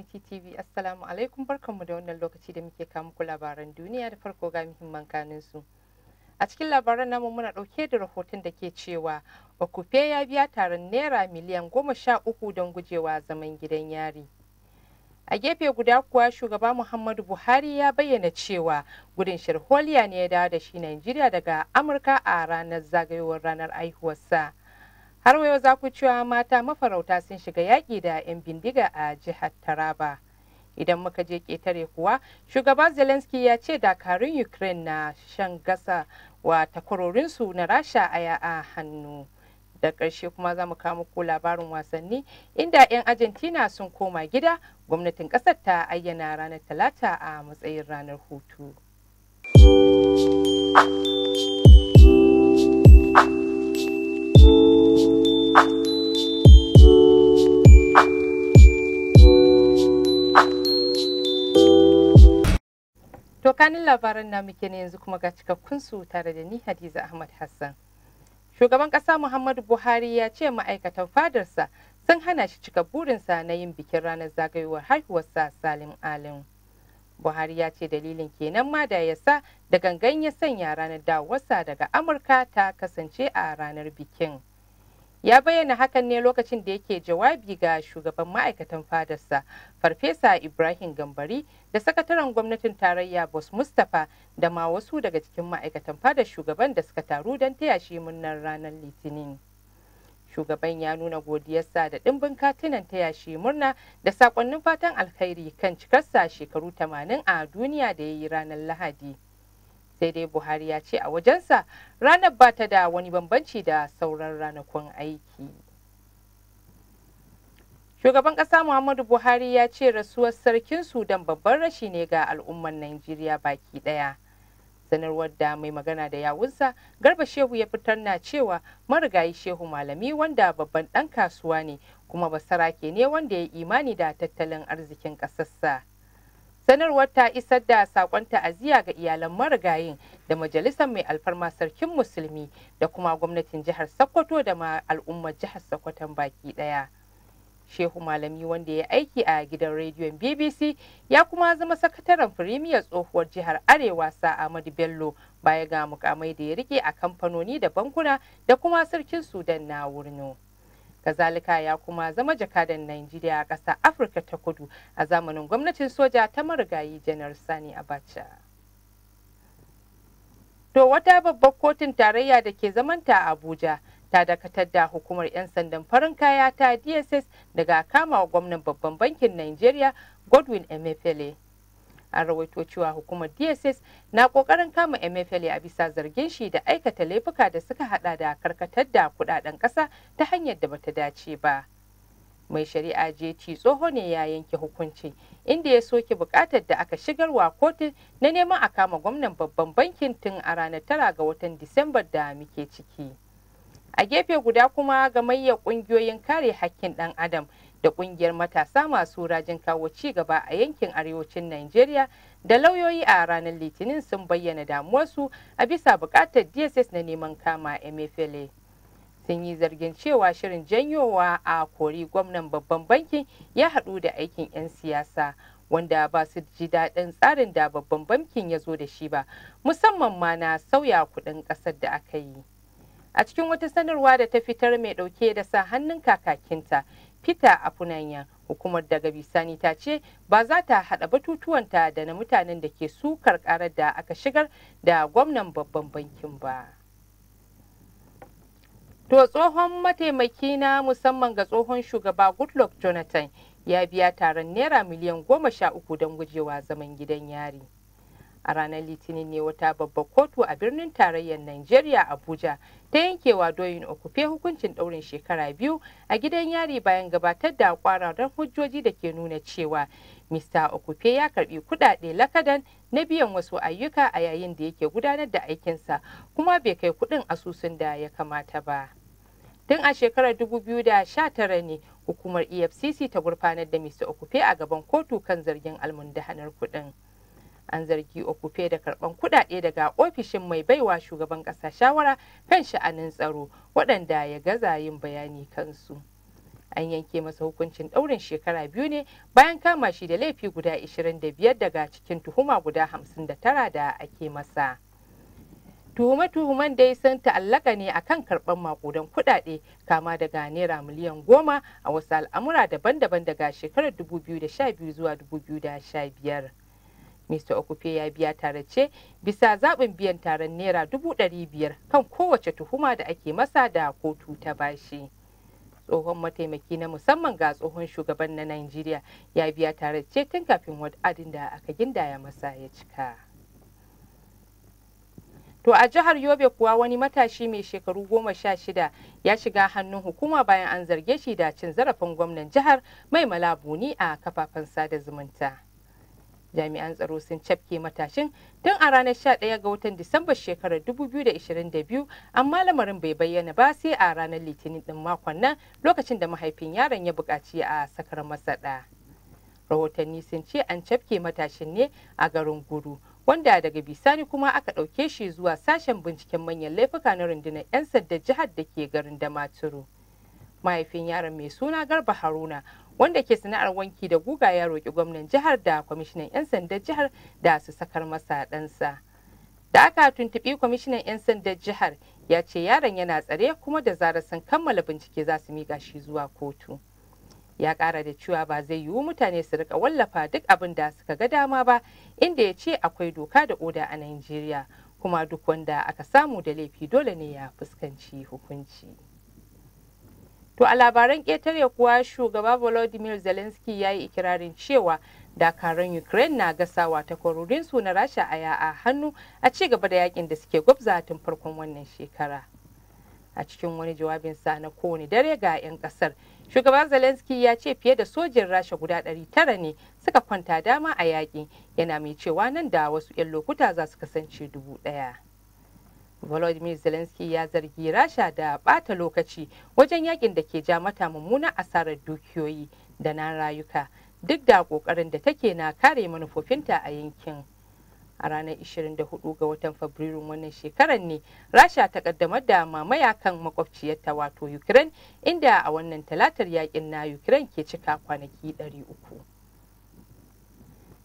Unity TV. Assalamu alaikum barkanmu da wannan lokaci da muke kawo muku labaran duniya da farko ga muhimman kanin su. A cikin labaran namu muna ɗauke da rahoton da ke cewa Okupe ya biya taron naira miliyan goma sha uku don gujewa zaman gidan yari. A gefe guda kuwa shugaba Muhammadu Buhari ya bayyana cewa gudun shirholiya ne ya dawo da shi Najeriya daga Amurka a ranar zagayowar ranar aihuwarsa. har yau za ku cewa mata mafarauta sun shiga yaƙi da 'yan bindiga a jihar taraba idan muka je ƙetare kuwa shugaba zelensky ya ce dakarun ukraine na shan gasa wa takwarorinsu na rasha aya a hannu da ƙarshe kuma za mu kama ko labarin wasanni inda 'yan argentina sun koma gida gwamnatin ƙasar ta ayyana ranar talata a matsayin ranar hutu. To kanin labaran muke ne yanzu kuma ga cikakkun su tare da ni Hadiza Ahmad Hassan. Shugaban ƙasa Muhammadu Buhari ya ce ma'aikatan fadarsa sun hana shi cika burinsa na yin bikin ranar zagayowar haihuwarsa Salim Alim. Buhari ya ce dalilin kenan ma da ya sa da gangan ya sanya ranar dawarsa daga Amurka ta kasance a ranar bikin. ya bayyana hakan ne lokacin da yake jawabi ga shugaban ma'aikatan fadarsa farfesa ibrahim gambari da sakataren gwamnatin tarayya bos mustapha da ma wasu daga cikin ma'aikatan fadar shugaban da suka taru don taya shi murnar ranar litinin shugaban ya nuna godiyarsa da ɗimbin katinan taya shi murna da saƙonnin fatan alkhairi kan cikarsa shekaru 80 a duniya da ya yi ranar lahadi. sai dai buhari ya ce a wajensa ranar ba ta da wani bambanci da sauran ranakun aiki shugaban kasa muhammadu buhari ya ce rasuwar sarkin sudan babban rashi ne ga al'ummar najeriya baki daya sanarwar da mai magana da yawunsa garba shehu ya fitar na cewa marigayi shehu malami wanda babban dan kasuwa ne kuma basarake ne wanda ya imani da tattalin arzikin ƙasarsa sanarwar ta isar da sakon ta'aziyya ga iyalan marigayin da majalisar mai alfarma sarkin musulmi da kuma gwamnatin jihar sokoto da ma al'ummar jihar sokoton baki daya shehu malami wanda ya aiki a gidan rediyon bbc ya kuma zama sakataren firimiyar tsohuwar jihar arewa sa ahmadu bello baya ga mukamai da ya rike a kamfanoni da bankuna da kuma sarkin sudan na wurno. kazalika ya kuma zama jakadan Najeriya a ƙasa Afirka ta Kudu a zamanin gwamnatin soja ta marigayi Janar Sani Abacha. To wata babbar kotun tarayya da ke zamanta a Abuja ta dakatar da hukumar 'yan sandan farin kaya ta DSS daga kamawa gwamnan babban bankin Najeriya Godwin Emefiele an rawaito cewa hukumar dss na kokarin kama mfl a bisa zargin shi da aikata laifuka da suka hada da karkatar da kudaden kasa ta hanyar da bata dace ba mai shari'a jt tsoho ne ya yanke hukunci inda ya soke bukatar da aka shigarwa kotun na neman a kama gwamnan babban bankin tun a ranar tara ga watan disambar da muke ciki a gefe guda kuma gamayyar kungiyoyin kare hakkin dan adam da kungiyar matasa masu rajin kawo ci gaba a yankin arewacin Najeriya da lauyoyi a ranar Litinin sun bayyana damuwarsu a bisa bukatar DSS na neman kama Emefiele. Sun yi zargin cewa shirin janyowa a kori gwamnan babban bankin ya haɗu da aikin 'yan siyasa. wanda ba su ji daɗin tsarin da babban bankin ya zo da shi ba musamman ma na sauya kuɗin ƙasar da aka yi a cikin wata sanarwa da ta fitar mai ɗauke da sa hannun kakakinta peter afunanya hukumar daga bisani ta ce ba za ta hada batutuwanta da na mutanen da ke sukar karar da aka shigar da gwamnan babban bankin ba. To tsohon mataimaki na musamman ga tsohon shugaba Goodluck Jonathan ya biya taron naira miliyan goma sha uku don gujewa zaman gidan yari. a ranar litinin ne wata babbar kotu a birnin tarayyar Najeriya abuja ta yankewa doyin okufe hukuncin daurin shekara biyu a gidan yari bayan gabatar da kwararren hujjoji da ke nuna cewa mr okufe ya karbi kudade lakadan na biyan wasu ayyuka a yayin da yake gudanar da aikinsa kuma bai kai kudin asusun da ya kamata ba tun a shekarar 2019 ne hukumar efcc ta gurfanar da mr okufe a gaban kotu kan zargin almundahanar kudin. kuɗin an zargi okupe da karban kudade daga ofishin mai baiwa shugaban kasa shawara kan sha'anin tsaro waɗanda ya gaza yin bayani kansu an yanke masa hukuncin ɗaurin shekara biyu ne bayan kama shi da laifi guda 25 daga cikin tuhuma guda 59 da ake masa. tuhume-tuhumen dai sun ta'allaka ne a akan karɓar makudan kuɗaɗe kama daga naira miliyan goma a wasu al'amura daban-daban daga shekarar 2012 zuwa 2015 Mr. Okupe ya biya tare ce bisa zaɓin biyan taron naira dubu ɗari biyar kan kowace tuhuma da ake masa da kotu ta bashi. tsohon mataimaki na musamman ga tsohon shugaban na Najeriya ya biya tare ce tun kafin wadadin da aka gindaya masa ya cika. To a jihar Yobe kuwa wani matashi mai shekaru goma sha shida ya shiga hannun hukuma bayan an zarge shi da cin zarafin gwamnan jihar mai malabuni a kafafen sada zumunta. jami'an tsaro sun cafke matashin tun a ranar 11 ga watan disamba shekarar 2022 amma lamarin bai bayyana ba sai a ranar litinin din makon nan lokacin da mahaifin yaron ya buƙaci a sakar masa rahotanni sun ce an cafke matashin ne a garin guru wanda daga bisani kuma aka ɗauke shi zuwa sashen binciken manyan laifuka na rundunar 'yan sanda jihar da ke garin damaturu mahaifin yaron mai suna garba haruna wanda ke sana'ar wanki da guga ya roƙi gwamnan jihar da kwamishinan 'yan sandan jihar da su sakar masa ɗansa da aka tuntuɓi kwamishinan 'yan sandan jihar ya ce yaron yana tsare kuma da zarar sun kammala bincike za su miƙa shi zuwa kotu ya ƙara da cewa ba zai yiwu mutane su rika wallafa duk abin da suka ga dama ba inda ya ce akwai doka da oda a najeriya kuma duk wanda aka samu da laifi dole ne ya fuskanci hukunci. To a labaran ƙetare kuwa shugaba Volodymyr Zelensky ya yi ikirarin cewa dakarun Ukraine na gasawa ta takwarorinsu na Rasha a ya'a hannu a ci gaba da yakin da suke gwabza tun farkon wannan shekara. A cikin wani jawabin sa na kowane dare ga 'yan kasar shugaba Zelensky ya ce fiye da sojin Rasha guda 900 ne suka kwanta dama a yaƙi yana mai cewa nan da wasu 'yan lokuta za su kasance dubu ɗaya. Volodymyr Zelensky ya zargi Rasha da bata lokaci wajen yakin da ke ja mata mummunan asarar dukiyoyi da na rayuka duk da kokarin da take na kare manufofinta a yankin. A ranar 24 ga watan Fabrairun wannan shekarar ne Rasha ta kaddamar da mamaya kan makwabciyarta wato Ukraine inda a wannan talatar yakin na Ukraine ke cika kwanaki 300.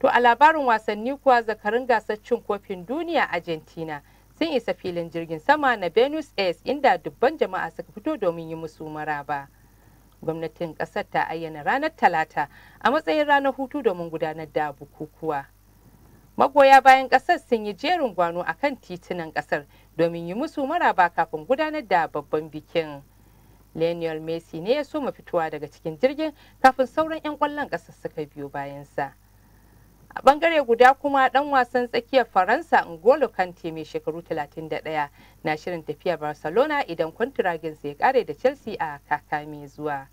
To a labarin wasanni kuwa zakarin gasar cin kofin duniya Argentina. sun isa filin jirgin sama na Benus Aires inda dubban jama'a suka fito domin yi musu maraba. Gwamnatin ƙasar ta ayyana ranar Talata a matsayin ranar hutu domin gudanar da bukukuwa. Magoya bayan ƙasar sun yi jerin gwano a kan titunan ƙasar domin yi musu maraba kafin gudanar da babban bikin. Lionel Messi ne ya so fitowa daga cikin jirgin kafin sauran 'yan ƙwallon ƙasar suka biyo bayansa. a bangare guda kuma dan wasan tsakiyar faransa ngolo kante mai shekaru 31 na shirin tafiya barcelona idan kwantiragin ya kare da chelsea a kaka mai zuwa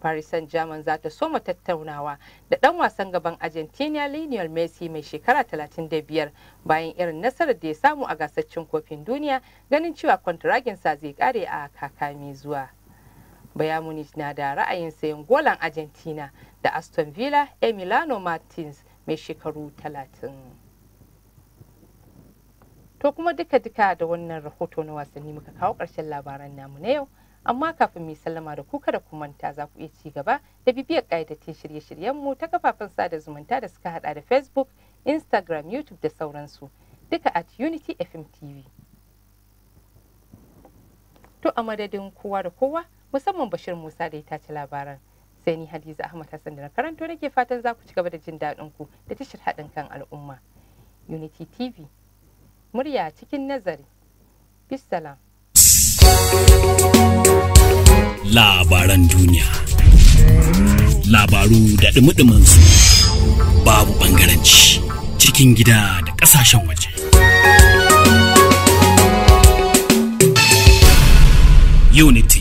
paris saint germain za ta soma tattaunawa da dan wasan gaban argentina lionel messi mai shekara 35 bayan irin nasarar da ya samu a gasar kofin duniya ganin cewa sa zai kare a kaka mai zuwa bayan na da ra'ayin sayan golan argentina da aston villa Milano martins mai shekaru talatin. To kuma duka-duka da wannan rahoto na wasanni muka kawo ƙarshen labaran namu na yau. amma kafin mu sallama da kuka da kumanta za ku iya ci gaba da bibiyar ƙayyadattun shirye-shiryenmu ta kafafen sada zumunta da suka haɗa da facebook instagram youtube da sauransu duka at unity fm tv to a madadin kowa da kowa musamman bashir musa da ya tace labaran sai ni hadiza ahmad hassan da na karanto nake fatan za ku ci gaba da jin daɗin ku da tashar haɗin kan al'umma unity tv murya cikin nazari bisalam labaran duniya labaru da dumudumin su babu ɓangaranci cikin gida da ƙasashen waje unity